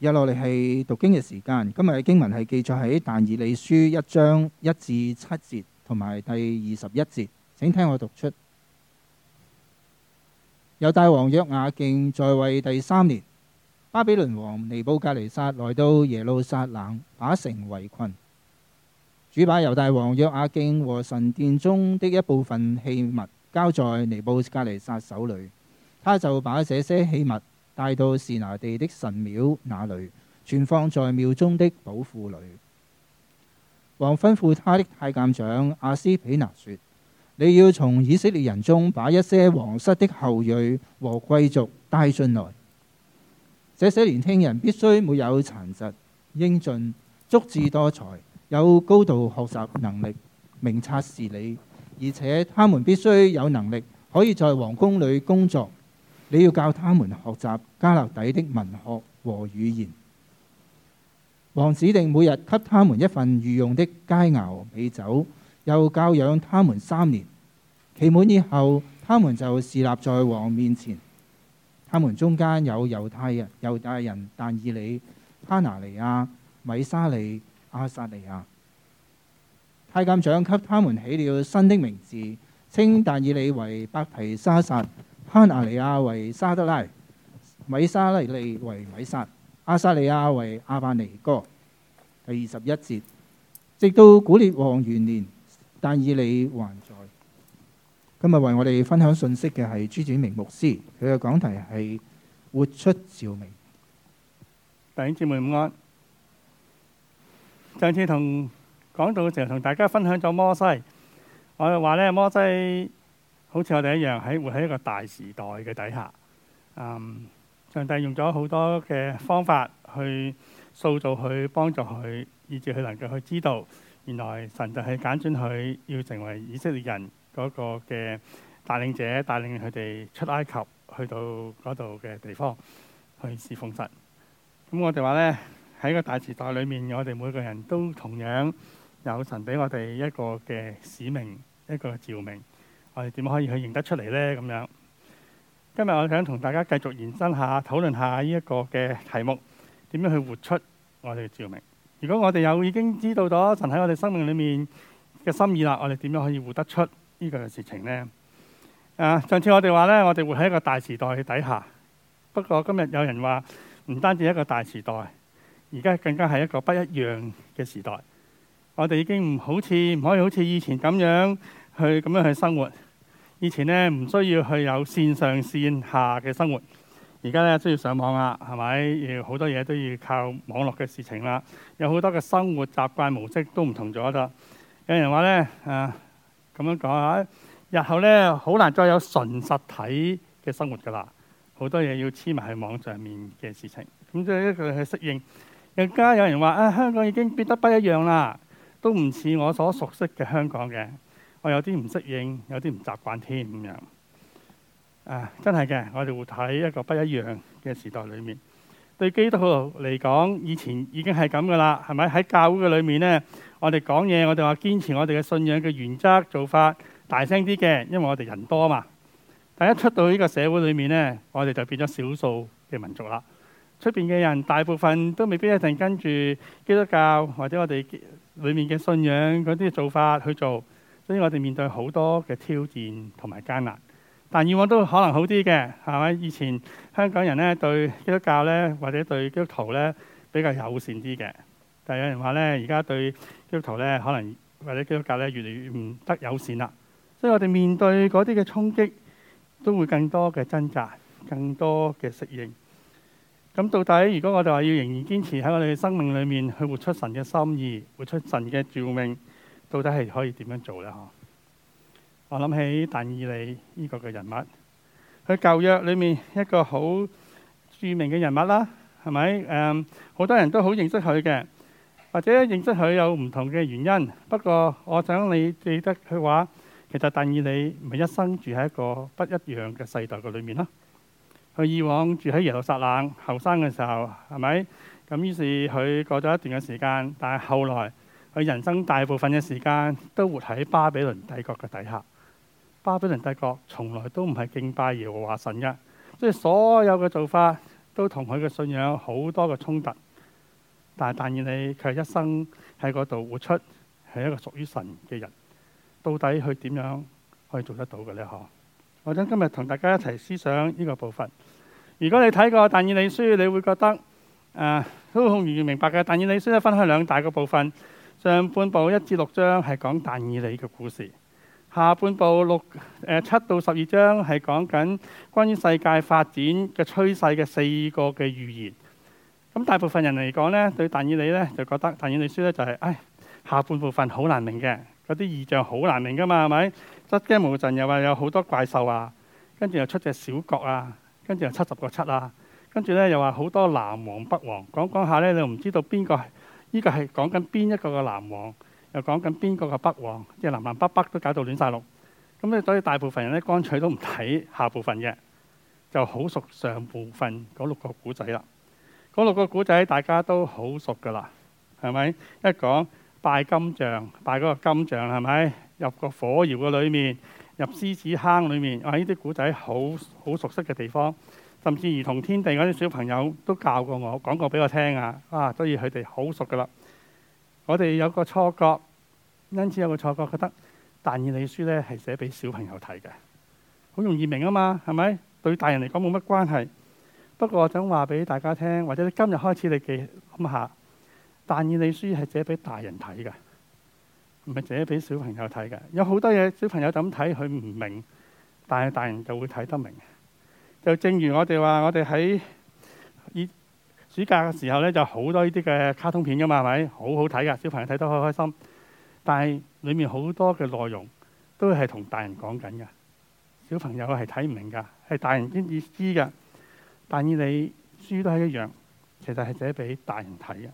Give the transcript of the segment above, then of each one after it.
又落嚟係讀經嘅時間，今日嘅經文係記載喺《但以理書》一章一至七節同埋第二十一節。請聽我讀出：猶大王約雅敬在位第三年，巴比倫王尼布甲尼撒來到耶路撒冷，把城圍困。主把猶大王約雅敬和神殿中的一部分器物交在尼布甲尼撒手裏，他就把這些器物， 帶到示拿地的神廟那裏，存放在廟中的寶庫裏。王吩咐他的太監長亞斯皮拿說：你要從以色列人中把一些皇室的後裔和貴族帶進來。這些年輕人必須沒有殘疾、英俊、足智多才、有高度學習能力、明察事理，而且他們必須有能力可以在皇宮裏工作。你要教他們學習加勒底的文學和語言。王子定每日給他們一份御用的佳肴美酒，又教養他們三年。期滿以後，他們就侍立在王面前。他們中間有猶太人、猶大人、但以理、哈拿尼亞、米沙利、阿撒利亞。太監長給他們起了新的名字，稱但以理為伯提沙撒。哈拿利亞為沙德拉，米沙拉利，利為米沙，阿沙利亞為阿巴尼哥。第二十一節，直到古列王元年，但以理還在。今日為我哋分享信息嘅係朱子明牧師，佢嘅講題係活出照明。弟兄姊妹，午安，上次同講到嘅時候同大家分享咗摩西，我就話咧摩西。好似我哋一樣喺活喺一個大時代嘅底下，嗯，上帝用咗好多嘅方法去塑造佢、幫助佢，以至佢能夠去知道，原來神就係揀準佢要成為以色列人嗰個嘅帶領者，帶領佢哋出埃及去到嗰度嘅地方去侍奉神。咁我哋話呢，喺個大時代裏面，我哋每個人都同樣有神俾我哋一個嘅使命，一個召命。我哋點可以去認得出嚟呢？咁樣，今日我想同大家繼續延伸下，討論下呢一個嘅題目，點樣去活出我哋嘅召命。如果我哋有已經知道咗神喺我哋生命裏面嘅心意啦，我哋點樣可以活得出呢個嘅事情呢？啊，上次我哋話呢，我哋活喺一個大時代嘅底下。不過今日有人話，唔單止一個大時代，而家更加係一個不一樣嘅時代。我哋已經唔好似，唔可以好似以前咁樣，去咁樣去生活，以前咧唔需要去有線上線下嘅生活呢，而家咧需要上網啦，係咪要好多嘢都要靠網絡嘅事情啦？有好多嘅生活習慣模式都唔同咗啦。有人話咧啊，咁樣講啊，日後咧好難再有純實體嘅生活噶啦，好多嘢要黐埋喺網上面嘅事情，咁即係一個去適應。而家有人話啊，香港已經變得不一樣啦，都唔似我所熟悉嘅香港嘅。我有啲唔適應，有啲唔習慣，添咁樣，啊、真係嘅，我哋會喺一個不一樣嘅時代裏面。對基督徒嚟講，以前已經係咁噶啦，係咪？喺教會嘅裏面呢，我哋講嘢，我哋話堅持我哋嘅信仰嘅原則做法，大聲啲嘅，因為我哋人多嘛。但一出到呢個社會裏面呢，我哋就變咗少數嘅民族啦。出邊嘅人大部分都未必一定跟住基督教或者我哋裏面嘅信仰嗰啲做法去做。所以我哋面對好多嘅挑戰同埋艱難，但以往都可能好啲嘅，係咪？以前香港人咧對基督教咧或者對基督徒咧比較友善啲嘅，但有人話咧而家對基督徒咧可能或者基督教咧越嚟越唔得友善啦。所以我哋面對嗰啲嘅衝擊，都會更多嘅掙扎，更多嘅適應。咁到底如果我哋話要仍然堅持喺我哋嘅生命裏面去活出神嘅心意，活出神嘅召命？到底係可以點樣做呢？我諗起但以理呢個嘅人物，佢舊約裏面一個好著名嘅人物啦，係咪？誒，好多人都好認識佢嘅，或者認識佢有唔同嘅原因。不過，我想你記得佢話，其實但以理唔係一生住喺一個不一樣嘅世代嘅裏面囉。佢以往住喺耶路撒冷後生嘅時候，係咪？咁於是佢過咗一段嘅時間，但係後來。佢人生大部分嘅時間都活喺巴比倫帝國嘅底下，巴比倫帝國從來都唔係敬拜耶和華神嘅，即係所有嘅做法都同佢嘅信仰好多嘅衝突。但係但以理佢一生喺嗰度活出係一個屬於神嘅人，到底佢點樣可以做得到嘅呢？嗬！我想今日同大家一齊思想呢個部分。如果你睇過但以理書，你會覺得、啊、都好容易明白嘅。但以理書咧分開兩大個部分。上半部一至六章係講但以理嘅故事，下半部六誒七到十二章係講緊關於世界發展嘅趨勢嘅四個嘅預言。咁大部分人嚟講呢，對但以理呢，就覺得但以理書呢就係、是、唉，下半部分好難明嘅，嗰啲意象好難明㗎嘛，係咪？失驚無神又話有好多怪獸啊，跟住又出隻小角啊，跟住又七十個七啊，跟住呢又話好多南王北王，講一講一下呢，你又唔知道邊個。呢個係講緊邊一個嘅南王，又講緊邊個嘅北王，即係南南北北都搞到亂晒龍。咁咧，所以大部分人咧，乾脆都唔睇下部分嘅，就好熟上部分嗰六個古仔啦。嗰六個古仔大家都好熟噶啦，係咪？一講拜金像，拜嗰個金像係咪？入個火窯嘅裡面，入獅子坑裡面，啊！呢啲古仔好好熟悉嘅地方。甚至兒童天地嗰啲小朋友都教過我，講過俾我聽啊，啊，所以佢哋好熟噶啦。我哋有個錯覺，因此有個錯覺，覺得《但以理書》呢係寫俾小朋友睇嘅，好容易明啊嘛，係咪？對大人嚟講冇乜關係。不過我想話俾大家聽，或者你今日開始你記諗下，《但以理書》係寫俾大人睇嘅，唔係寫俾小朋友睇嘅。有好多嘢小朋友咁睇佢唔明，但係大人就會睇得明。就正如我哋話，我哋喺二暑假嘅時候呢，就好多呢啲嘅卡通片㗎嘛，係咪好好睇㗎？小朋友睇得開開心，但係裡面好多嘅內容都係同大人講緊㗎，小朋友係睇唔明㗎，係大人先意思㗎。但以理書都係一樣，其實係寫俾大人睇嘅。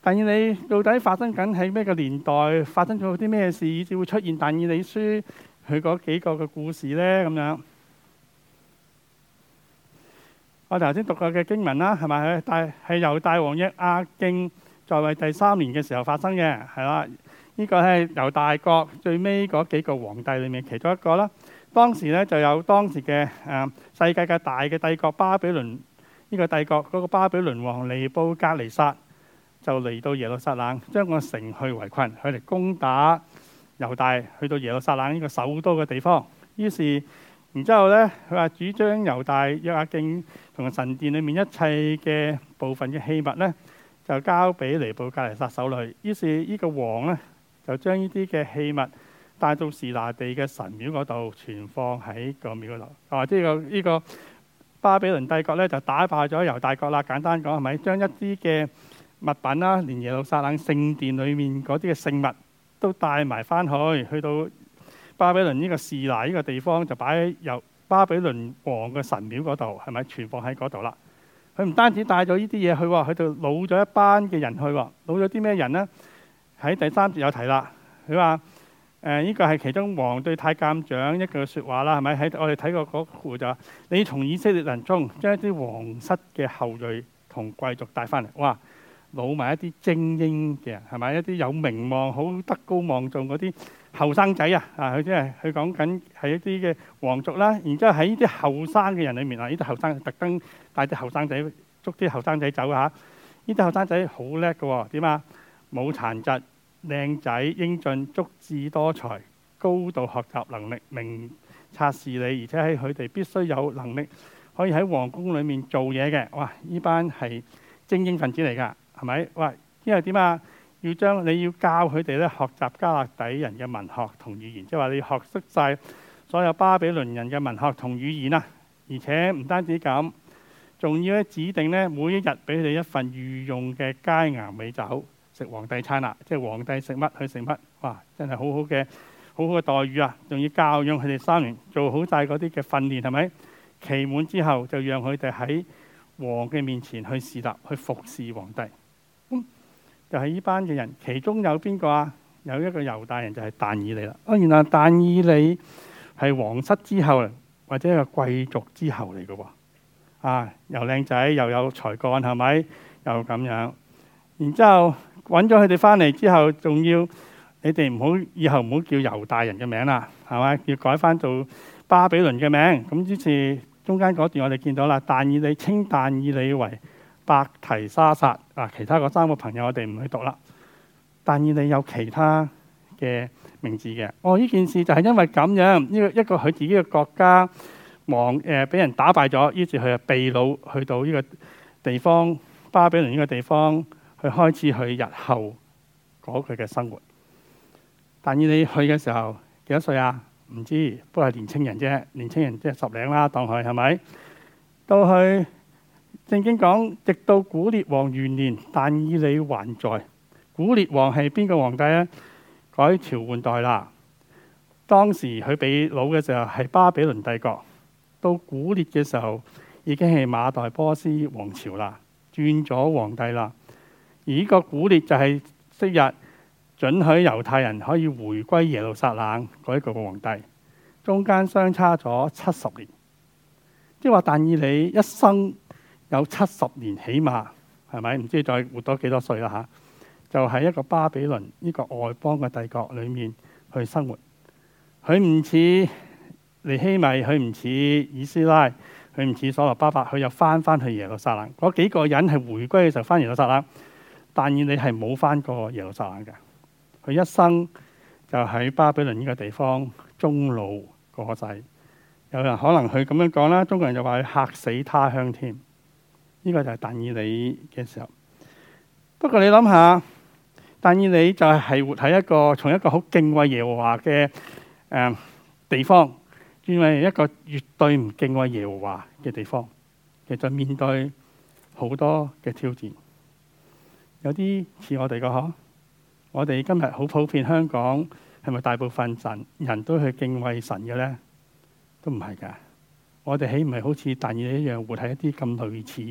但以理到底發生緊喺咩個年代？發生咗啲咩事？以致會出現但以理書佢嗰幾個嘅故事呢，咁樣。我頭先讀過嘅經文啦，係咪？大係由大王約雅敬在位第三年嘅時候發生嘅，係啦。呢、這個係猶大國最尾嗰幾個皇帝裡面其中一個啦。當時咧就有當時嘅誒、啊、世界嘅大嘅帝國巴比倫呢、這個帝國嗰個巴比倫王尼布甲尼撒就嚟到耶路撒冷，將個城去圍困，佢嚟攻打猶大，去到耶路撒冷呢個首都嘅地方，於是。然之後咧，佢話主將猶大約阿敬同神殿裏面一切嘅部分嘅器物咧，就交俾尼布甲尼撒手裏。於是呢個王咧，就將呢啲嘅器物帶到示拿地嘅神廟嗰度存放喺個廟嗰度。啊，即係呢個巴比倫帝國咧，就打敗咗猶大國啦。簡單講係咪？將一啲嘅物品啦，連耶路撒冷聖殿裏面嗰啲嘅聖物都帶埋翻去，去到。巴比倫呢個示拿呢個地方就擺喺由巴比倫王嘅神廟嗰度，係咪存放喺嗰度啦？佢唔單止帶咗呢啲嘢去，佢就老咗一班嘅人去，老咗啲咩人呢？喺第三節有提啦。佢話誒，呢個係其中王對太監長一句說話啦，係咪？喺我哋睇過嗰幅就話，你從以色列人中將一啲皇室嘅後裔同貴族帶翻嚟，哇！老埋一啲精英嘅，係咪一啲有名望、好德高望重嗰啲後生仔啊？啊，佢即係佢講緊係一啲嘅皇族啦。然之後喺呢啲後生嘅人裏面啊，呢啲後生特登帶啲後生仔捉啲後生仔走啊！呢啲後生仔好叻㗎，點啊？冇殘疾、靚仔、英俊、足智多才、高度學習能力、明察事理，而且喺佢哋必須有能力可以喺皇宮裏面做嘢嘅。哇！呢班係精英分子嚟㗎。係咪？喂，因為點啊？要將你要教佢哋咧學習加勒底人嘅文學同語言，即係話你要學識曬所有巴比倫人嘅文學同語言啦。而且唔單止咁，仲要咧指定咧每一日俾佢哋一份御用嘅佳餚美酒食皇帝餐啦，即係皇帝食乜佢食乜。哇！真係好好嘅好好嘅待遇啊！仲要教養佢哋三年，做好晒嗰啲嘅訓練，係咪？期滿之後就讓佢哋喺王嘅面前去侍立，去服侍皇帝。就係呢班嘅人，其中有邊個啊？有一個猶大人就係但以理啦。哦，原來但以理係皇室之後，或者係一個貴族之後嚟嘅喎。啊，又靚仔，又有才幹，係咪？又咁樣。然之後揾咗佢哋翻嚟之後，仲要你哋唔好以後唔好叫猶大人嘅名啦，係咪？要改翻做巴比倫嘅名。咁於是中間嗰段我哋見到啦，但以理稱但以理為。伯提沙撒啊，其他嗰三個朋友我哋唔去讀啦。但以理有其他嘅名字嘅，我、哦、呢件事就係因為咁樣，一個一個佢自己嘅國家亡誒，俾、呃、人打敗咗，於是佢就被擄去到呢個地方，巴比倫呢個地方，去開始去日後過佢嘅生活。但以理去嘅時候幾多歲啊？唔知，不過係年青人啫，年青人即係十零啦，當佢係咪？都去。聖經講，直到古列王元年，但以理還在。古列王係邊個皇帝啊？改朝換代啦。當時佢俾擄嘅時候係巴比倫帝國，到古列嘅時候已經係馬代波斯王朝啦，轉咗皇帝啦。而呢個古列就係昔日准許猶太人可以回歸耶路撒冷嗰一個皇帝，中間相差咗七十年，即係話但以理一生有七十年，起碼係咪？唔知再活到多幾多歲啦嚇。就喺一個巴比倫呢個外邦嘅帝國裏面去生活。佢唔似尼希米，佢唔似以斯拉，佢唔似所羅巴伯，佢又翻翻去耶路撒冷嗰幾個人係回歸嘅時候翻耶路撒冷，但係你係冇翻過耶路撒冷嘅。佢一生就喺巴比倫呢個地方終老過世。有人可能佢咁樣講啦，中國人就話佢客死他鄉添。呢個就係但以理嘅時候，不過你諗下，但以理就係活喺一個從一個好敬畏耶和華嘅誒、嗯、地方，轉為一個絕對唔敬畏耶和華嘅地方，其實面對好多嘅挑戰。有啲似我哋噶嗬，我哋今日好普遍，香港係咪大部分神人都去敬畏神嘅咧？都唔係噶。我哋起唔係好似但以理一樣活喺一啲咁類似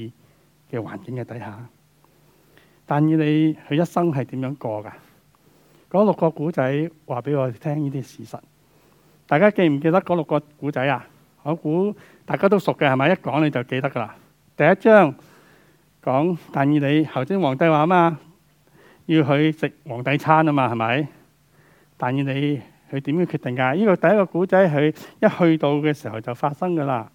嘅環境嘅底下，但以理佢一生係點樣過噶？嗰六個古仔話俾我聽呢啲事實，大家記唔記得嗰六個古仔啊？我估大家都熟嘅係咪？一講你就記得噶啦。第一章講但以理頭先皇帝話啊嘛，要去食皇帝餐啊嘛係咪？但以理。佢點樣決定㗎？呢個第一個古仔，佢一去到嘅時候就發生㗎啦。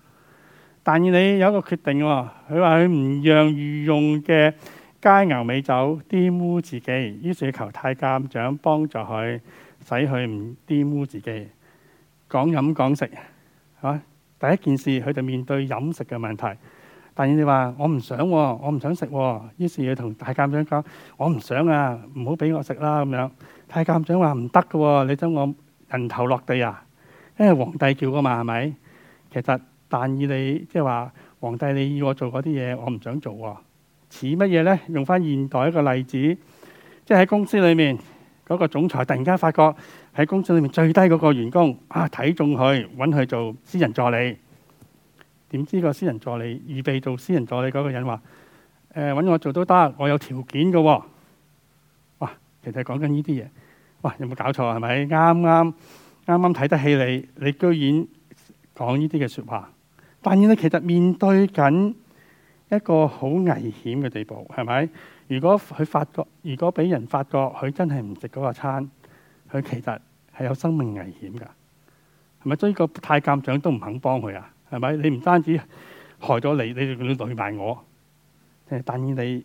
但係你有一個決定喎，佢話佢唔讓御用嘅佳餚美酒玷污自己，於是要求太監長幫助佢使佢唔玷污自己。講飲講食，係嘛？第一件事佢就面對飲食嘅問題。但係你話我唔想，我唔想食，於是要同太監長講：我唔想啊，唔好俾我食啦咁樣。太監長話唔得㗎，你將我，人頭落地啊！因為皇帝叫噶嘛，係咪？其實但以理即係話皇帝，你要我做嗰啲嘢，我唔想做啊。似乜嘢呢？用翻現代一個例子，即係喺公司裏面嗰個總裁突然間發覺喺公司裏面最低嗰個員工啊，睇中佢揾佢做私人助理。點知個私人助理預備做私人助理嗰個人話：誒、呃、揾我做都得，我有條件噶、啊。哇！其實講緊呢啲嘢。哇！有冇搞錯啊？係咪啱啱啱啱睇得起你？你居然講呢啲嘅説話，但係你其實面對緊一個好危險嘅地步，係咪？如果佢發覺，如果俾人發覺佢真係唔食嗰個餐，佢其實係有生命危險㗎。係咪？所以個太監長都唔肯幫佢啊？係咪？你唔單止害咗你，你你累埋我。但係你。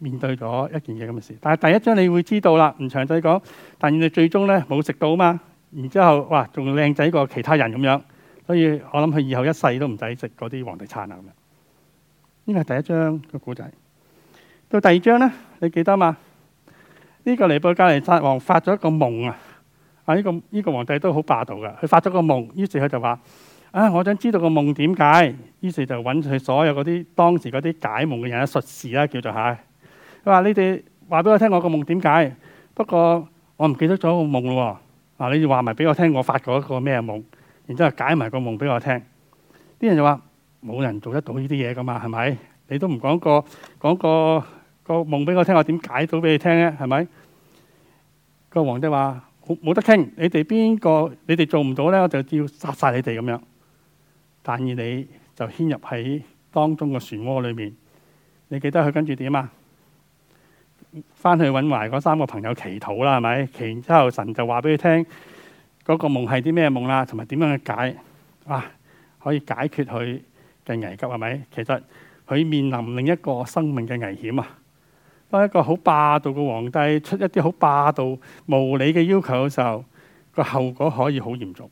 面對咗一件嘢咁嘅事，但係第一章你會知道啦，唔詳細講。但係你最終咧冇食到嘛，然之後哇仲靚仔過其他人咁樣，所以我諗佢以後一世都唔使食嗰啲皇帝餐啦咁樣。呢個係第一章嘅故仔。到第二章咧，你記得嘛？呢、這個尼波加利沙王發咗一個夢啊！啊、這個，呢個呢個皇帝都好霸道噶，佢發咗個夢，於是佢就話：啊，我想知道個夢點解？於是就揾佢所有嗰啲當時嗰啲解夢嘅人啊，術士啦叫做嚇。佢話：你哋話俾我聽，我個夢點解？不過我唔記得咗個夢咯。嗱，你哋話埋俾我聽，我發過一個咩夢？然之後解埋個夢俾我聽。啲人就話冇人做得到呢啲嘢噶嘛？係咪？你都唔講個講個個夢俾我聽，我點解到俾你聽咧？係咪？個皇帝話：冇得傾。你哋邊個你哋做唔到咧？我就要殺晒你哋咁樣。但意你就牽入喺當中個漩渦裏面。你記得佢跟住點啊？翻去揾埋嗰三個朋友祈禱啦，係咪？祈完之後，神就話俾佢聽嗰個夢係啲咩夢啦，同埋點樣去解啊？可以解決佢嘅危急係咪？其實佢面臨另一個生命嘅危險啊！當一個好霸道嘅皇帝出一啲好霸道、無理嘅要求嘅時候，個後果可以好嚴重。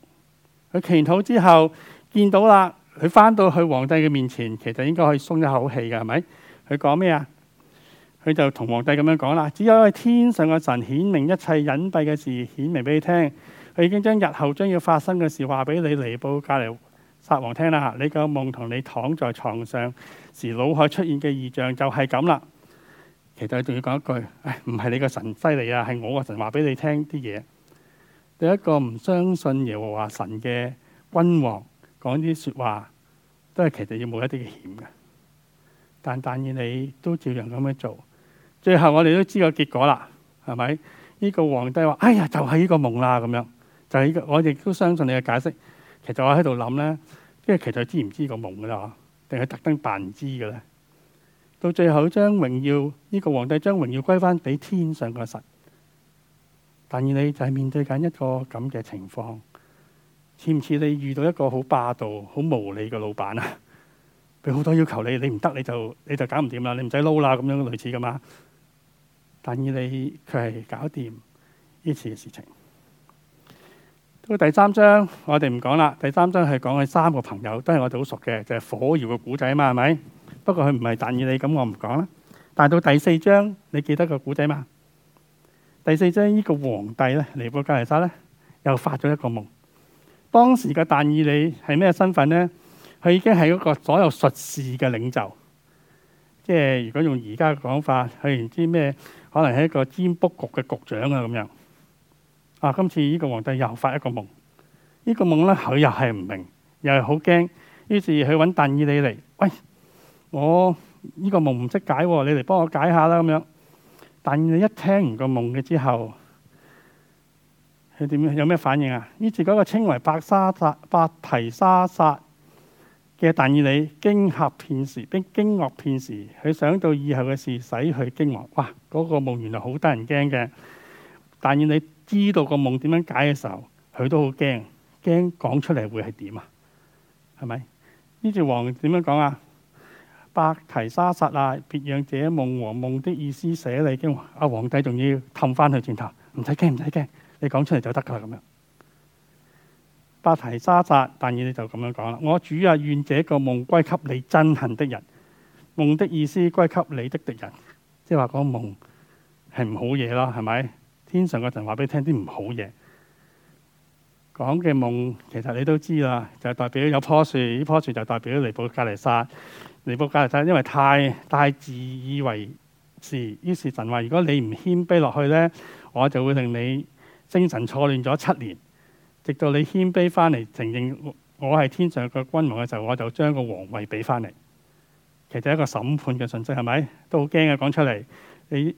佢祈禱之後見到啦，佢翻到去皇帝嘅面前，其實應該可以鬆一口氣嘅係咪？佢講咩啊？佢就同皇帝咁樣講啦，只有係天上嘅神顯明一切隱蔽嘅事，顯明俾你聽。佢已經將日後將要發生嘅事話俾你尼布甲尼撒王聽啦。你個夢同你躺在床上時腦海出現嘅異象就係咁啦。其實佢仲要講一句，唉、哎，唔係你個神犀利啊，係我個神話俾你聽啲嘢。對一個唔相信耶和華神嘅君王講啲說話，都係其實要冒一啲險嘅。但但以你都照樣咁樣做。最後我哋都知道結果啦，係咪？呢個皇帝話，哎呀，就係呢個夢啦，咁樣。就係呢個，我亦都相信你嘅解釋。其實我喺度諗呢，即係其實知唔知個夢㗎啦？定係特登扮知嘅咧？到最後將榮耀，呢個皇帝將榮耀歸翻俾天上嘅神。但係，你就係面對緊一個咁嘅情況，似唔似你遇到一個好霸道、好無理嘅老闆啊？俾 好多要求你，你唔得你就你就搞唔掂啦，你唔使撈啦，咁樣類似噶嘛？但以理，佢係搞掂呢次嘅事情。到第三章我哋唔講啦。第三章係講佢三個朋友都係我哋好熟嘅，就係、是、火窯嘅古仔嘛，係咪？不過佢唔係但以理，咁我唔講啦。但係到第四章，你記得個古仔嘛？第四章呢，這個皇帝咧，尼布加尼撒咧，又發咗一個夢。當時嘅但以理係咩身份咧？佢已經係一個所有術士嘅領袖，即係如果用而家嘅講法，佢唔知咩。可能係一個占卜局嘅局長啊，咁樣啊，今次呢個皇帝又發一個夢，這個、夢呢個夢咧佢又係唔明，又係好驚，於是佢揾但以理嚟，喂，我呢、這個夢唔識解喎，你嚟幫我解下啦咁樣。但以理一聽完個夢嘅之後，佢點樣？有咩反應啊？於是嗰個稱為伯沙撒、伯提沙撒。嘅但以理驚嚇片時，的驚愕片時，佢想到以後嘅事使佢驚惶。哇！嗰、那個夢原來好得人驚嘅。但以理知道個夢點樣解嘅時候，佢都好驚，驚講出嚟會係點啊？係咪？呢次王點樣講啊？伯提沙撒啊！別讓者夢和夢的意思寫你驚惶。阿皇帝仲要氹翻佢轉頭，唔使驚，唔使驚，你講出嚟就得噶啦咁樣。伯提沙撒但係，你就咁樣講啦。我主啊，願這個夢歸給你憎恨的人，夢的意思歸給你的敵人。即係話個夢係唔好嘢啦，係咪？天上嘅神話俾你聽啲唔好嘢，講嘅夢其實你都知啦，就代表有棵樹，呢棵樹就代表尼布甲尼撒。尼布甲尼撒因為太太，太自以為是，於是神話：如果你唔謙卑落去呢，我就會令你精神錯亂咗七年。直到你謙卑返嚟承認我係天上嘅君王嘅時候，我就將個皇位俾返你。其實一個審判嘅訊息係咪？都好驚嘅講出嚟。你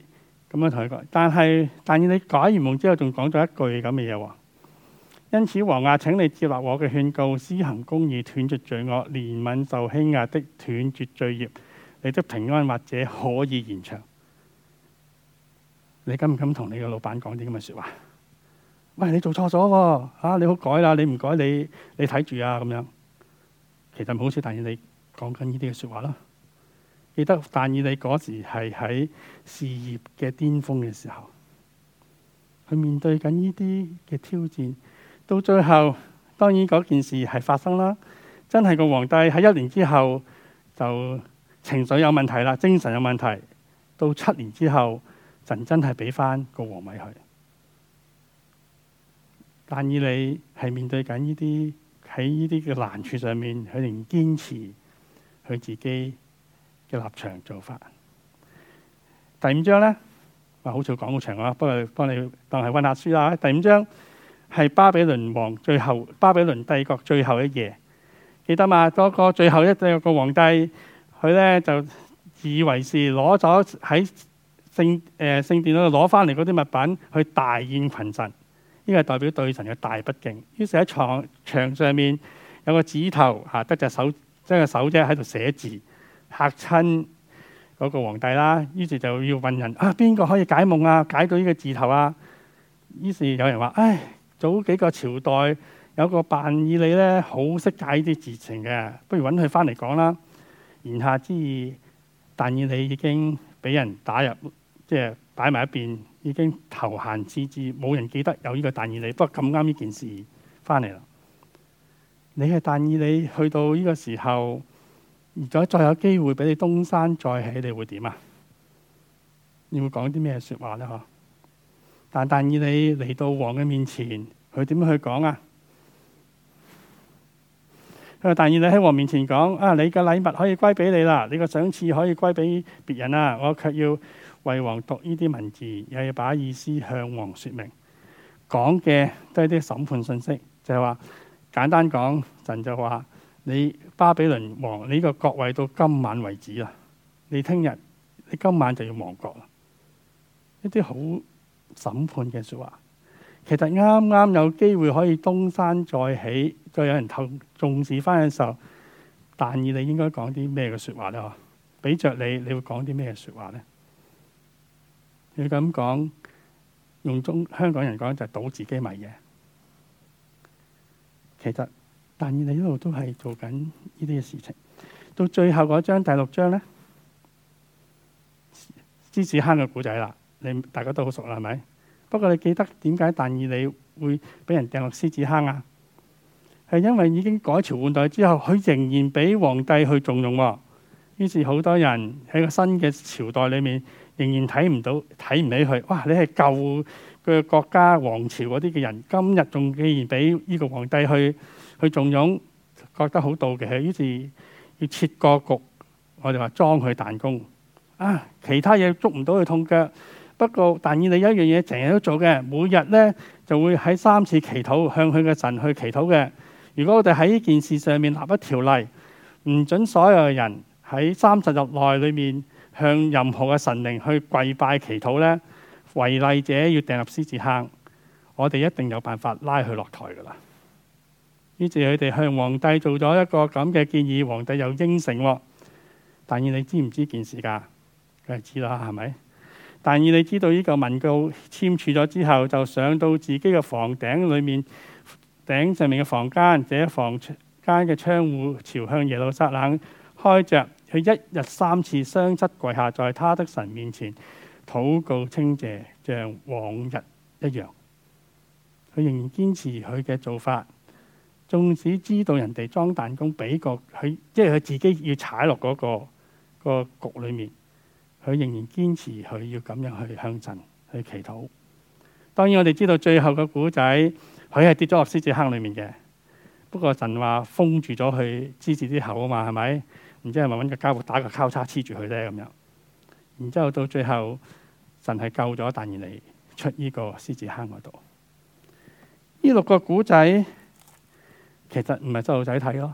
咁樣同佢講，但係但係你解完夢之後，仲講咗一句咁嘅嘢喎。因此，王啊，請你接納我嘅勸告，施行公義，斷絕罪惡，憐憫受欺壓的，斷絕罪孽，你的平安或者可以延長。你敢唔敢同你嘅老闆講啲咁嘅説話？喂，你做錯咗，吓、啊、你好改啦，你唔改，你你睇住啊，咁樣，其實唔好似但以理，你講緊呢啲嘅說話啦，記得但以理你嗰時係喺事業嘅巔峰嘅時候，去面對緊呢啲嘅挑戰，到最後當然嗰件事係發生啦。真係個皇帝喺一年之後就情緒有問題啦，精神有問題。到七年之後，神真係俾翻個皇位佢。但以理係面對緊呢啲喺呢啲嘅難處上面，佢仍堅持佢自己嘅立場做法。第五章咧，話好似講好長啦，不過幫你當係温下書啦。第五章係巴比倫王，最後巴比倫帝國最後一夜，記得嘛？嗰、那個最後一個皇帝，佢咧就自以為是攞咗喺聖誒聖殿嗰度攞翻嚟嗰啲物品去大宴群臣。呢個代表對神嘅大不敬。於是喺牆牆上面有個指頭，嚇得隻手，得個手啫喺度寫字，嚇親嗰個皇帝啦。於是就要問人：啊，邊個可以解夢啊？解到呢個字頭啊？於是有人話：，唉，早幾個朝代有個但以理咧，好識解呢啲字情嘅，不如揾佢翻嚟講啦。言下之意，但以理已經俾人打入，即係擺埋一邊。已經投閒置散冇人記得有呢個但以理，不過咁啱呢件事翻嚟啦。你係但以理，去到呢個時候，如果再有機會俾你東山再起，你會點啊？你會講啲咩說話咧？嗬？但但以理嚟到王嘅面前，佢點樣去講啊？佢話但以理喺王面前講：，啊，你嘅禮物可以歸俾你啦，你嘅賞賜可以歸俾別人啦，我卻要。為王讀呢啲文字，又要把意思向王説明，講嘅都係啲審判信息，就係話簡單講，神就話你巴比倫王，你個國位到今晚為止啦。你聽日，你今晚就要亡國啦。一啲好審判嘅説話，其實啱啱有機會可以東山再起，再有人投重視返嘅時候，但你哋應該講啲咩嘅説話咧？哦，俾着你，你會講啲咩説話呢？你咁講，用中香港人講就賭、是、自己迷嘢。其實，但以利一路都係做緊呢啲嘅事情。到最後嗰張第六章呢，獅子坑嘅古仔啦，你大家都好熟啦，係咪？不過你記得點解但以利會俾人掟落獅子坑啊？係因為已經改朝換代之後，佢仍然俾皇帝去重用，於是好多人喺個新嘅朝代裏面。仍然睇唔到，睇唔起佢。哇！你係舊嘅國家皇朝嗰啲嘅人，今日仲竟然俾呢個皇帝去去縱容，覺得好妒忌嘅，於是要設個局。我哋話裝佢彈弓啊！其他嘢捉唔到佢痛腳，不過但你哋一樣嘢，成日都做嘅。每日呢，就會喺三次祈禱向佢嘅神去祈禱嘅。如果我哋喺呢件事上面立一條例，唔准所有人喺三十日內裏面，向任何嘅神靈去跪拜祈禱咧，違例者要掟入獅子坑，我哋一定有辦法拉佢落台噶啦。於是佢哋向皇帝做咗一個咁嘅建議，皇帝又應承。但以理你知唔知件事噶？佢哋知啦，係咪？但以理你知道呢個文告簽署咗之後，就上到自己嘅房頂裏面，頂上面嘅房間，這房間嘅窗戶朝向耶路撒冷開着。佢一日三次雙膝跪下，在他的神面前禱告，清謝，像往日一樣。佢仍然堅持佢嘅做法，縱使知道人哋裝彈弓，俾個佢，即係佢自己要踩落嗰個、嗰個局裏面。佢仍然堅持佢要咁樣去向神去祈禱。當然，我哋知道最後嘅古仔，佢係跌咗落獅子坑裏面嘅。不過神話封住咗佢獅子啲口啊？嘛係咪？然之後咪揾個膠布打個交叉黐住佢咧咁樣，然之後到最後神係救咗，但以理出呢個獅子坑嗰度。呢六個古仔其實唔係細路仔睇咯，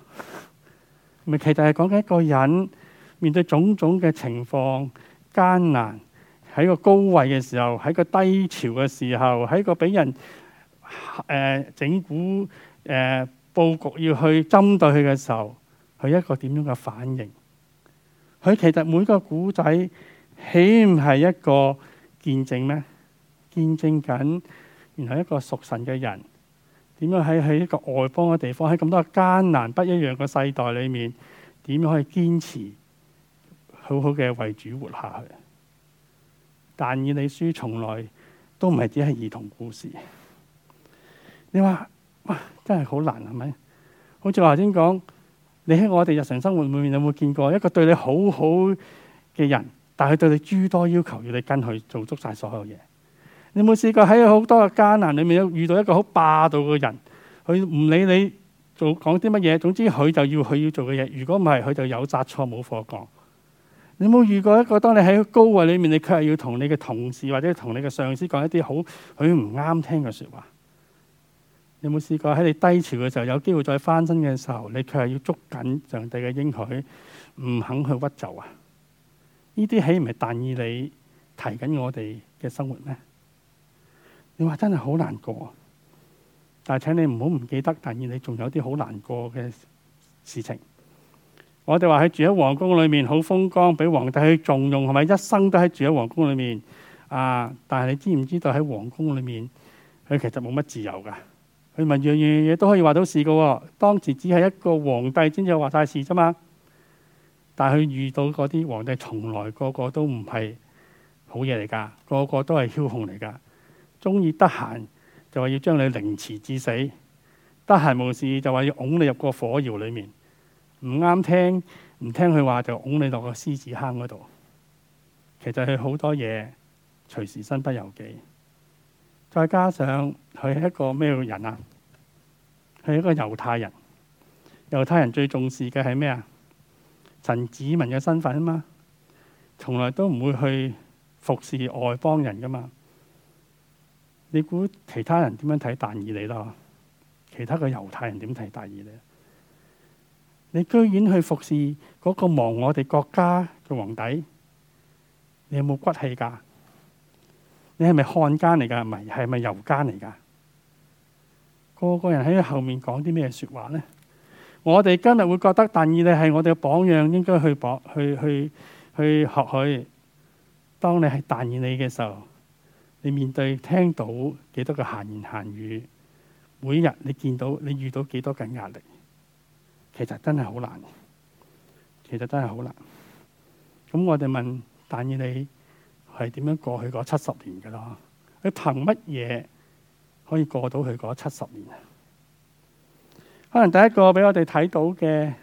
咪其實係講緊一個人面對種種嘅情況艱難，喺個高位嘅時候，喺個低潮嘅時候，喺個俾人誒、呃、整蠱誒佈局要去針對佢嘅時候。佢一個點樣嘅反應？佢其實每個古仔，豈唔係一個見證咩？見證緊原來一個屬神嘅人，點樣喺喺一個外邦嘅地方，喺咁多艱難、不一樣嘅世代裏面，點樣可以堅持好好嘅為主活下去？但以理書從來都唔係只係兒童故事。你話哇，真係好難係咪？好似我頭先講。你喺我哋日常生活裏面有冇見過一個對你好好嘅人，但係佢對你諸多要求，要你跟佢做足晒所有嘢？你有冇試過喺好多嘅艱難裏面，遇到一個好霸道嘅人，佢唔理你做講啲乜嘢，總之佢就要佢要做嘅嘢。如果唔係，佢就有責錯冇課講。你有冇遇過一個？當你喺高位裏面，你卻係要同你嘅同事或者同你嘅上司講一啲好佢唔啱聽嘅説話？你有冇試過喺你低潮嘅時候，有機會再翻身嘅時候，你卻係要捉緊上帝嘅應許，唔肯去屈就啊？呢啲豈唔係但以理？你提緊我哋嘅生活咩？你話真係好難過，但係請你唔好唔記得但以理。但你仲有啲好難過嘅事情。我哋話喺住喺皇宮裏面好風光，俾皇帝去重用，係咪一生都喺住喺皇宮裏面啊？但係你知唔知道喺皇宮裏面佢其實冇乜自由噶？佢問樣樣嘢都可以話到事嘅？哦，當時只係一個皇帝先至話晒事啫嘛。但係佢遇到嗰啲皇帝，從來個個都唔係好嘢嚟㗎，個個都係梟雄嚟㗎。鍾意得閒就話要將你凌遲致死，得閒無事就話要拱你入個火窯裡面，唔啱聽唔聽佢話就拱你落個獅子坑嗰度。其實佢好多嘢隨時身不由己。再加上佢係一個咩人啊？佢係一個猶太人，猶太人最重視嘅係咩啊？神子民嘅身份啊嘛，從來都唔會去服侍外邦人噶嘛。你估其他人點樣睇但以理咯？其他嘅猶太人點睇但以理？你居然去服侍嗰個亡我哋國家嘅皇帝，你有冇骨氣噶？你係咪漢奸嚟噶？唔係，係咪猶奸嚟噶？個個人喺後面講啲咩說話呢？我哋今日會覺得但以理係我哋嘅榜樣，應該去博去去去學佢。當你係但以理嘅時候，你面對聽到幾多個閒言閒語，每日你見到你遇到幾多嘅壓力，其實真係好難。其實真係好難。咁我哋問但以理，係點樣過去嗰七十年㗎喇？佢憑乜嘢可以過到佢嗰七十年啊？可能第一個俾我哋睇到嘅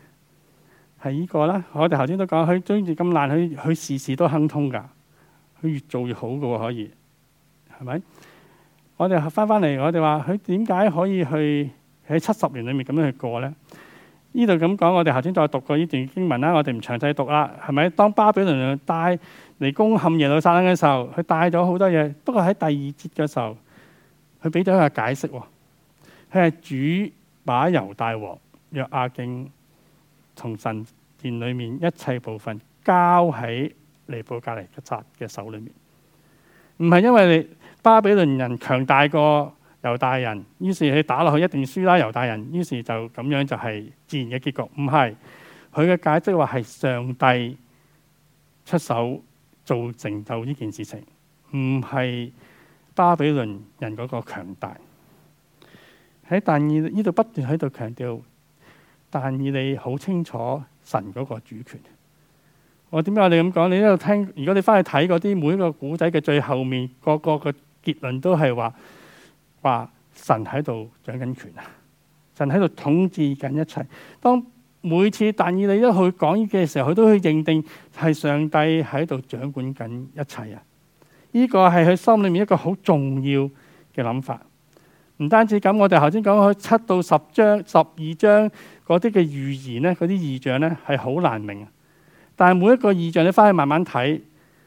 係呢個啦。我哋頭先都講佢追住咁爛，佢佢事事都亨通噶，佢越做越好㗎可以，係咪？我哋翻翻嚟，我哋話佢點解可以去喺七十年裏面咁樣去過咧？呢度咁講，我哋頭先再讀過呢段經文啦。我哋唔詳細讀啦，係咪？當巴比倫人帶。嚟攻陷耶路撒冷嘅時候，佢帶咗好多嘢。不過喺第二節嘅時候，佢俾咗一個解釋，佢係主把猶大王約阿敬從神殿裏面一切部分交喺尼布甲尼撒嘅手裏面。唔係因為你巴比倫人強大過猶大人，於是佢打落去一定輸啦。猶大人於是就咁樣就係自然嘅結局。唔係，佢嘅解釋話係上帝出手，做成就呢件事情，唔係巴比倫人嗰個強大。喺但以理呢度不斷喺度強調，但以你好清楚神嗰個主權。我點解你咁講？你呢度聽，如果你翻去睇嗰啲每一個古仔嘅最後面，個個嘅結論都係話：話神喺度掌緊權啊！神喺度統治緊一切。當每次但以理一去講依嘅時候，佢都去認定係上帝喺度掌管緊一切啊！呢個係佢心裏面一個好重要嘅諗法。唔單止咁，我哋頭先講咗七到十章、十二章嗰啲嘅預言呢，嗰啲異象呢係好難明。但係每一個異象你翻去慢慢睇，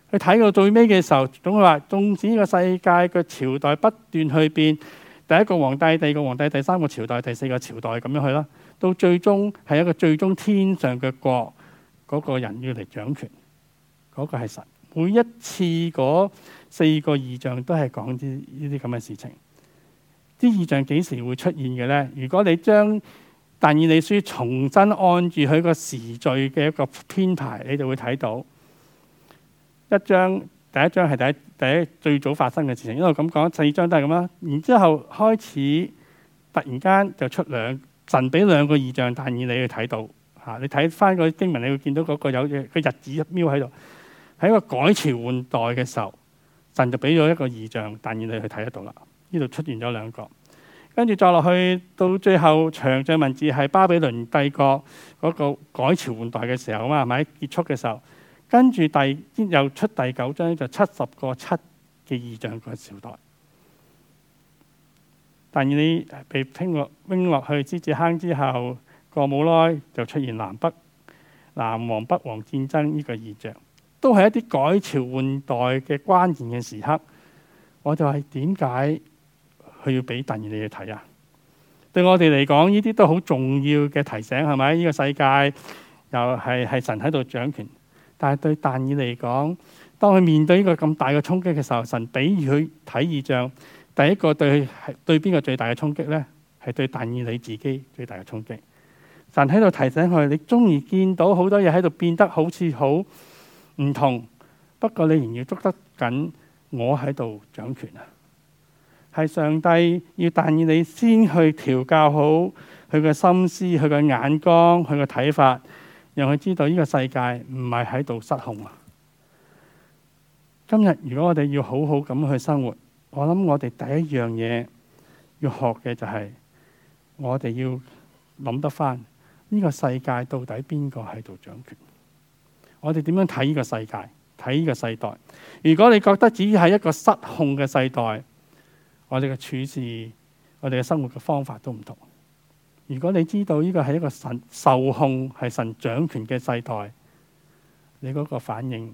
去睇到最尾嘅時候，總會話：縱使呢個世界嘅朝代不斷去變第，第一個皇帝、第二個皇帝、第三個朝代、第四個朝代咁樣去啦。到最終係一個最終天上嘅國嗰個人要嚟掌權嗰個係神。每一次嗰四個異象都係講啲呢啲咁嘅事情。啲異象幾時會出現嘅呢？如果你將但以理書重新按住佢個時序嘅一個編排，你就會睇到一張第一張係第一第一最早發生嘅事情，一路咁講四張都係咁啦。然之後開始突然間就出兩。神俾兩個異象，但以理去睇到，嚇、啊、你睇翻個經文，你會見到嗰個有個日子一瞄喺度，喺一個改朝換代嘅時候，神就俾咗一個異象，但以理去睇得到啦。呢度出現咗兩個，跟住再落去到最後牆上文字係巴比倫帝國嗰個改朝換代嘅時候啊，係咪結束嘅時候？跟住第又出第九章就七十個七嘅異象，嗰個朝代。但你被扔落扔落去獅子坑之後，過冇耐就出現南北南王北王戰爭呢個異象，都係一啲改朝換代嘅關鍵嘅時刻。我就係點解佢要俾但爾你去睇啊？對我哋嚟講，呢啲都好重要嘅提醒，係咪？呢個世界又係係神喺度掌權，但係對但爾嚟講，當佢面對呢個咁大嘅衝擊嘅時候，神俾佢睇異象。第一個對係對邊個最大嘅衝擊呢，係對但以你自己最大嘅衝擊。神喺度提醒佢：你鍾意見到好多嘢喺度變得好似好唔同，不過你仍然要捉得緊我喺度掌權啊！係上帝要但以你先去調教好佢嘅心思、佢嘅眼光、佢嘅睇法，讓佢知道呢個世界唔係喺度失控啊！今日如果我哋要好好咁去生活。我諗我哋第一樣嘢要學嘅就係，我哋要諗得返呢個世界到底邊個喺度掌權？我哋點樣睇呢個世界？睇呢個世代？如果你覺得只係一個失控嘅世代，我哋嘅處事、我哋嘅生活嘅方法都唔同。如果你知道呢個係一個神受控、係神掌權嘅世代，你嗰個反應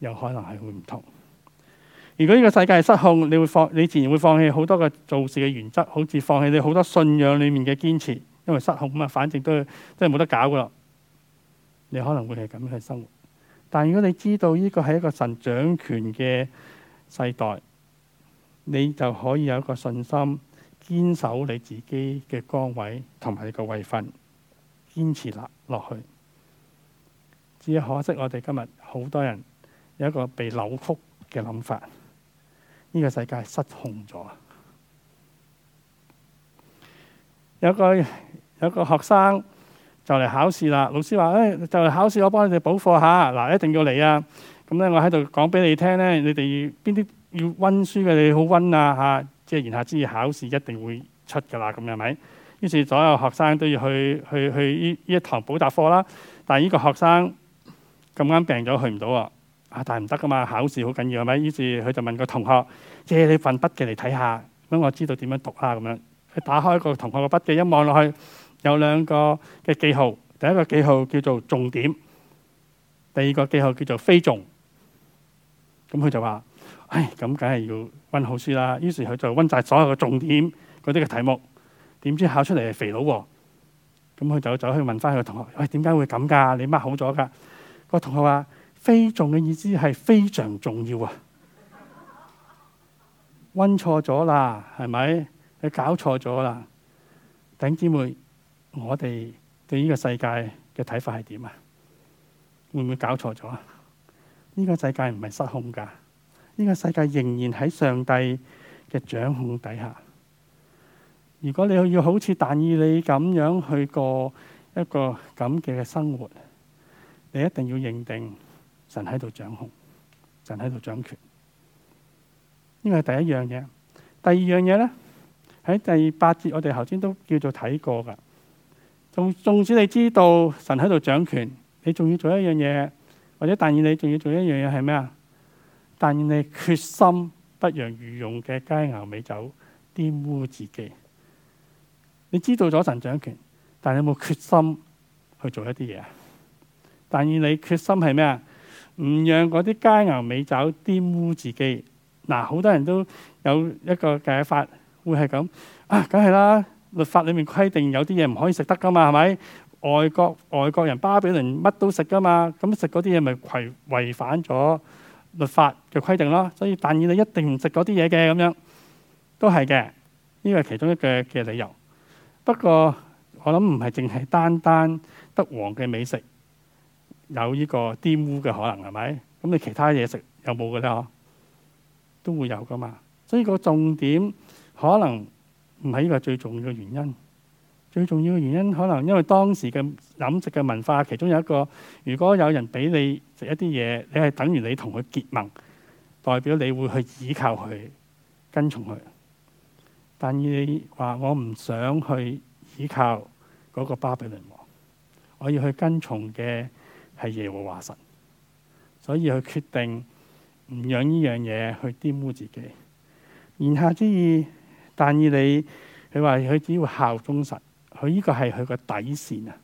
有可能係會唔同。如果呢個世界係失控，你會放你自然會放棄好多嘅做事嘅原則，好似放棄你好多信仰裏面嘅堅持，因為失控啊，反正都即係冇得搞噶啦。你可能會係咁樣去生活，但如果你知道呢個係一個神掌權嘅世代，你就可以有一個信心，堅守你自己嘅崗位同埋你個位份，堅持落落去。只可惜我哋今日好多人有一個被扭曲嘅諗法。呢個世界失控咗。有個有個學生就嚟考試啦，老師話：，誒、哎、就嚟考試，我幫你哋補課嚇，嗱一定要嚟啊！咁咧，我喺度講俾你聽咧，你哋邊啲要温書嘅，你好温啊嚇，即、啊、係然之後考試一定會出噶啦，咁係咪？於是所有學生都要去去去呢呢一堂補習課啦。但係呢個學生咁啱病咗，去唔到啊。但係唔得噶嘛，考試好緊要係咪？於是佢就問個同學借你份筆記嚟睇下，咁我知道點樣讀啦咁樣。佢打開個同學個筆記一望落去，有兩個嘅記號，第一個記號叫做重點，第二個記號叫做非重。咁佢就話：，唉，咁梗係要温好書啦。於是佢就温晒所有嘅重點嗰啲嘅題目，點知考出嚟係肥佬喎？咁佢就走去問翻佢個同學：，喂，點解會咁㗎？你 mark 好咗㗎？嗰個同學話。非重嘅意思係非常重要啊！温錯咗啦，係咪？搞錯你搞錯咗啦，頂姊妹，我哋對呢個世界嘅睇法係點啊？會唔會搞錯咗啊？呢、這個世界唔係失控噶，呢、這個世界仍然喺上帝嘅掌控底下。如果你要好似但以理咁樣去過一個咁嘅生活，你一定要認定。神喺度掌控，神喺度掌權。呢個係第一樣嘢。第二樣嘢咧喺第八節，我哋頭先都叫做睇過噶。仲，縱使你知道神喺度掌權，你仲要做一樣嘢，或者但以理仲要做一樣嘢係咩啊？但以理決心不讓御用嘅佳肴美酒玷污自己。你知道咗神掌權，但係你有冇決心去做一啲嘢啊？但以理決心係咩啊？唔讓嗰啲佳肴美酒玷污自己。嗱，好多人都有一個解法，會係咁啊，梗係啦。律法裡面規定有啲嘢唔可以食得㗎嘛，係咪？外國，外國人巴比倫乜都食㗎嘛，咁食嗰啲嘢咪違違反咗律法嘅規定咯。所以但願你一定唔食嗰啲嘢嘅咁樣，都係嘅。呢個係其中一個嘅理由。不過我諗唔係淨係單單德王嘅美食。有呢個玷污嘅可能係咪？咁你其他嘢食有冇嘅啦？都會有㗎嘛。所以個重點可能唔係呢個最重要嘅原因。最重要嘅原因可能因為當時嘅飲食嘅文化，其中有一個，如果有人俾你食一啲嘢，你係等於你同佢結盟，代表你會去倚靠佢，跟從佢。但你話我唔想去依靠嗰個巴比倫王，我要去跟從嘅。係耶和華神，所以佢決定唔讓呢樣嘢去玷污自己。言下之意，但以理，佢話佢只要效忠神，佢呢個係佢個底綫啊！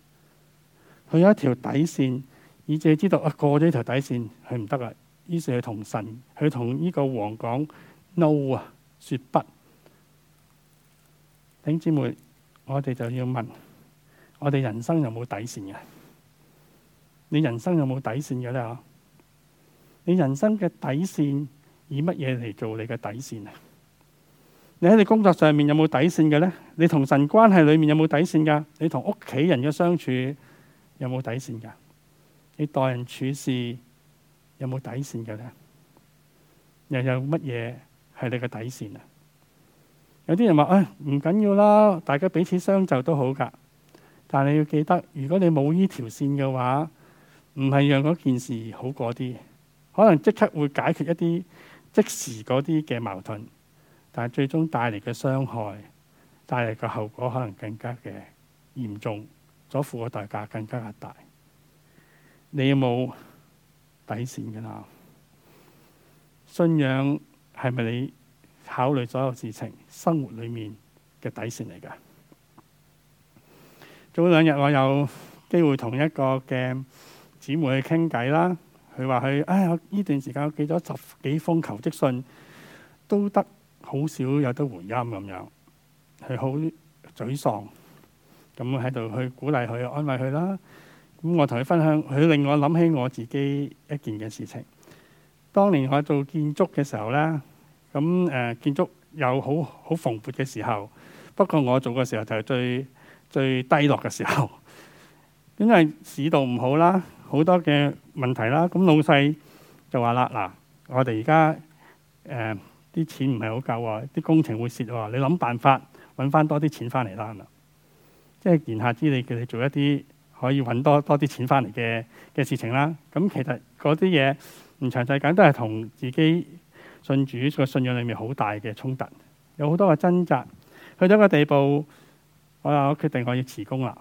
佢有一條底綫，以至知道啊過咗呢條底綫佢唔得啦。於是佢同神，佢同呢個王講 No 啊，說不。弟兄姊妹，我哋就要問，我哋人生有冇底綫嘅？你人生有冇底線嘅咧？吓，你人生嘅底線以乜嘢嚟做你嘅底線啊？你喺你工作上面有冇底線嘅咧？你同神關係裏面有冇底線噶？你同屋企人嘅相處有冇底線噶？你待人處事有冇底線嘅咧？又有乜嘢係你嘅底線啊？有啲人話唉，唔緊要啦，大家彼此相就都好噶。但係你要記得，如果你冇依條線嘅話，唔係讓嗰件事好過啲，可能即刻會解決一啲即時嗰啲嘅矛盾，但係最終帶嚟嘅傷害、帶嚟嘅後果可能更加嘅嚴重，所付嘅代價更加大。你有冇底線㗎喇？信仰係咪你考慮所有事情、生活裏面嘅底線嚟㗎？早兩日我有機會同一個嘅。姊妹去傾偈啦，佢話佢：唉，呢段時間寄咗十幾封求職信，都得好少有得回音咁樣，佢好沮喪。咁喺度去鼓勵佢、安慰佢啦。咁我同佢分享，佢令我諗起我自己一件嘅事情。當年我做建築嘅時候咧，咁誒、呃、建築有好好蓬勃嘅時候，不過我做嘅時候就係最最低落嘅時候，因為市道唔好啦。好多嘅問題啦，咁老細就話啦：嗱，我哋而家誒啲錢唔係好夠啊，啲工程會蝕啊，你諗辦法揾翻多啲錢翻嚟啦。係咪？即係言下之意，叫你做一啲可以揾多多啲錢翻嚟嘅嘅事情啦。咁其實嗰啲嘢唔詳細講，都係同自己信主個信仰裡面好大嘅衝突，有好多嘅掙扎，去到一個地步，我我決定我要辭工啦。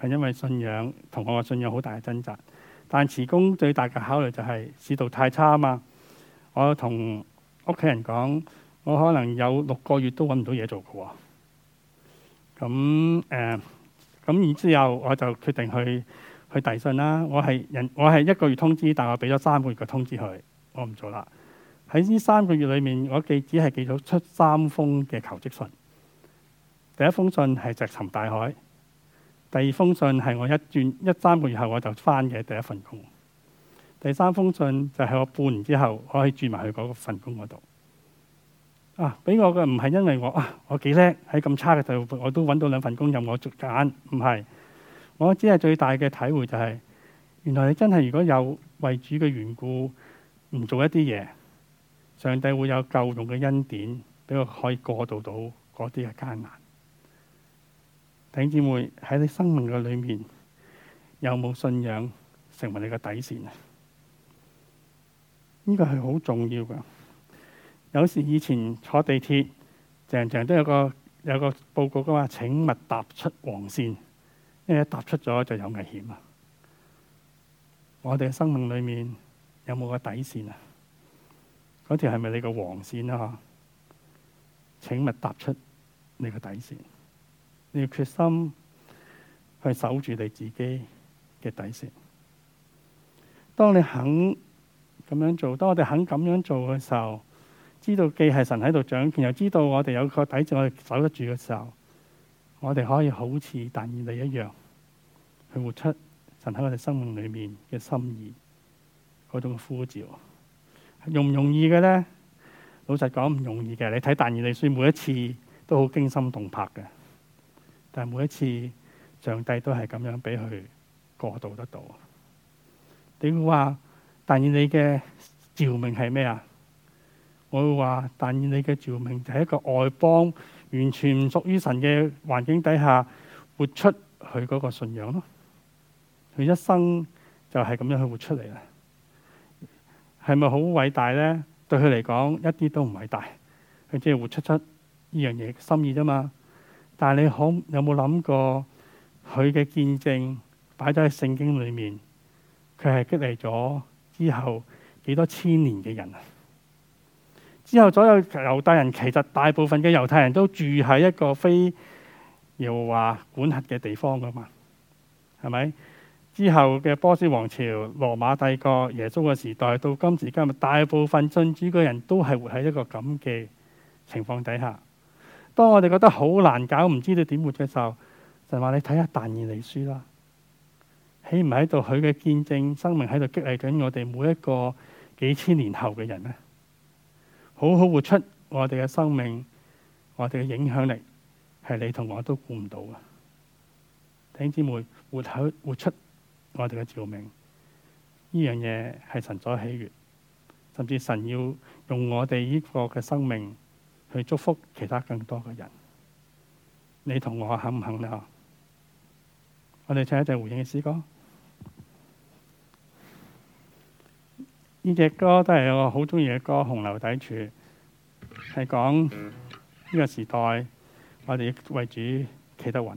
係因為信仰同我嘅信仰好大嘅掙扎，但辭工最大嘅考慮就係市道太差啊嘛！我同屋企人講，我可能有六個月都揾唔到嘢做嘅喎。咁、嗯、誒，咁、嗯、然之後我就決定去去遞信啦。我係人，我係一個月通知，但我俾咗三個月嘅通知佢，我唔做啦。喺呢三個月裏面，我只寄只係寄咗出三封嘅求職信。第一封信係石沉大海。第二封信係我一轉一三個月後我就返嘅第一份工，第三封信就係我半年之後我可以轉埋去嗰份工嗰度。啊，俾我嘅唔係因為我啊，我幾叻，喺咁差嘅度我都揾到兩份工任我揀，唔係。我只係最大嘅體會就係、是，原來你真係如果有為主嘅緣故唔做一啲嘢，上帝會有夠用嘅恩典俾我可以過渡到嗰啲嘅艱難。弟兄姊妹，喺你生命嘅裏面，有冇信仰成為你嘅底線啊呢個係好重要噶有時以前坐地鐵，成日都有個有個報告噶嘛，請勿踏出黃線，因為一踏出咗就有危險啊我哋嘅生命裏面有冇個底線啊嗰條係咪你個黃線啊請勿踏出你嘅底線。要決心去守住你自己嘅底線。當你肯咁樣做，當我哋肯咁樣做嘅時候，知道既係神喺度掌權，又知道我哋有個底線，我哋守得住嘅時候，我哋可以好似但以理一樣去活出神喺我哋生命裏面嘅心意嗰種呼召。容唔容易嘅咧？老實講唔容易嘅。你睇但以理，所以每一次都好驚心動魄嘅。但係每一次，上帝都係咁樣俾佢過渡得到。你會話，但以理，你嘅召命係咩啊？我會話，但以理，你嘅召命就係一個外邦，完全唔屬於神嘅環境底下，活出佢嗰個信仰咯。佢一生就係咁樣去活出嚟啦。係咪好偉大呢？對佢嚟講一啲都唔偉大。佢只係活出出呢樣嘢心意啫嘛。但係你可有冇諗過佢嘅見證擺咗喺聖經裏面，佢係激勵咗之後幾多千年嘅人啊？之後所有猶太人其實大部分嘅猶太人都住喺一個非猶華管轄嘅地方噶嘛？係咪？之後嘅波斯王朝、羅馬帝國、耶穌嘅時代到今時今日，大部分信主嘅人都係活喺一個咁嘅情況底下。當我哋覺得好難搞，唔知你點活嘅時候，神話你睇下但以理書啦，豈唔喺度佢嘅見證生命喺度激勵緊我哋每一個幾千年後嘅人呢？好好活出我哋嘅生命，我哋嘅影響力係你同我都估唔到嘅。弟兄姊妹，活好活出我哋嘅召命，呢樣嘢係神所喜悦，甚至神要用我哋呢個嘅生命。去祝福其他更多嘅人，你同我肯唔肯咧？我哋唱一隻回應嘅詩歌，呢隻歌都係我好中意嘅歌，《洪流砥柱》，係講呢個時代，我哋為主企得穩。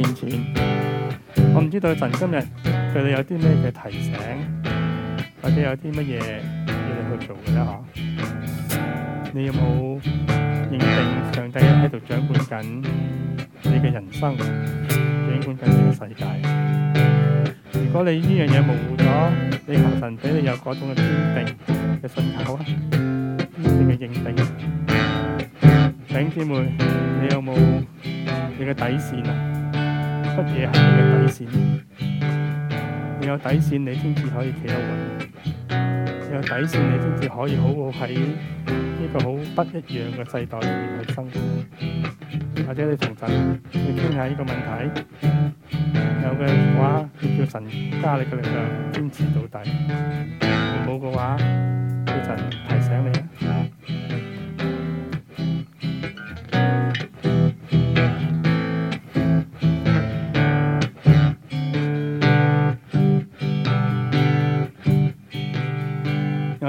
面前，我唔知道神今日佢哋有啲咩嘅提醒，或者有啲乜嘢要你去做嘅啦？嗬，你有冇認定上帝喺度掌管緊你嘅人生，掌管緊你嘅世界？如果你呢樣嘢模糊咗，你求神俾你有嗰種嘅堅定嘅信靠啊！你嘅認定，丁姊妹，你有冇你嘅底線啊？乜嘢係你嘅底線？你有底線，你先至可以企得穩；有底線，你先至可以好好喺呢個好不一樣嘅世代裏面去生活。或者你同神去傾下呢個問題，有嘅話要叫神加你嘅力量，堅持到底；冇嘅話，叫神提醒你。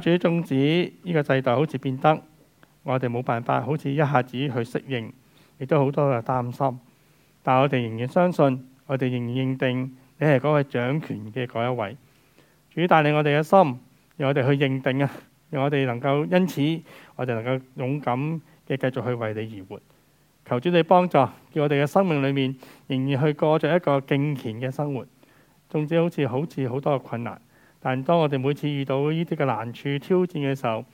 主的宗旨，呢、這個制度好似變得，我哋冇辦法，好似一下子去適應，亦都好多嘅擔心。但我哋仍然相信，我哋仍然認定你係嗰位掌權嘅嗰一位。主帶領我哋嘅心，讓我哋去認定啊，讓我哋能夠因此，我哋能夠勇敢嘅繼續去為你而活。求主你幫助，叫我哋嘅生命裏面仍然去過着一個敬虔嘅生活，縱使，好似好似好多嘅困難。但當我哋每次遇到呢啲嘅難處、挑戰嘅時候，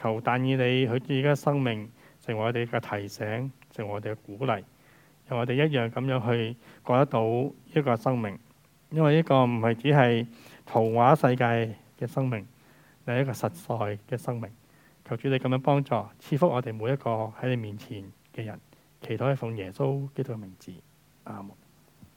求但以你佢自己嘅生命，成為我哋嘅提醒，成為我哋嘅鼓勵，讓我哋一樣咁樣去過得到一個生命，因為呢個唔係只係童話世界嘅生命，係一個實在嘅生命。求主你咁樣幫助，賜福我哋每一個喺你面前嘅人，祈禱奉耶穌基督嘅名字，阿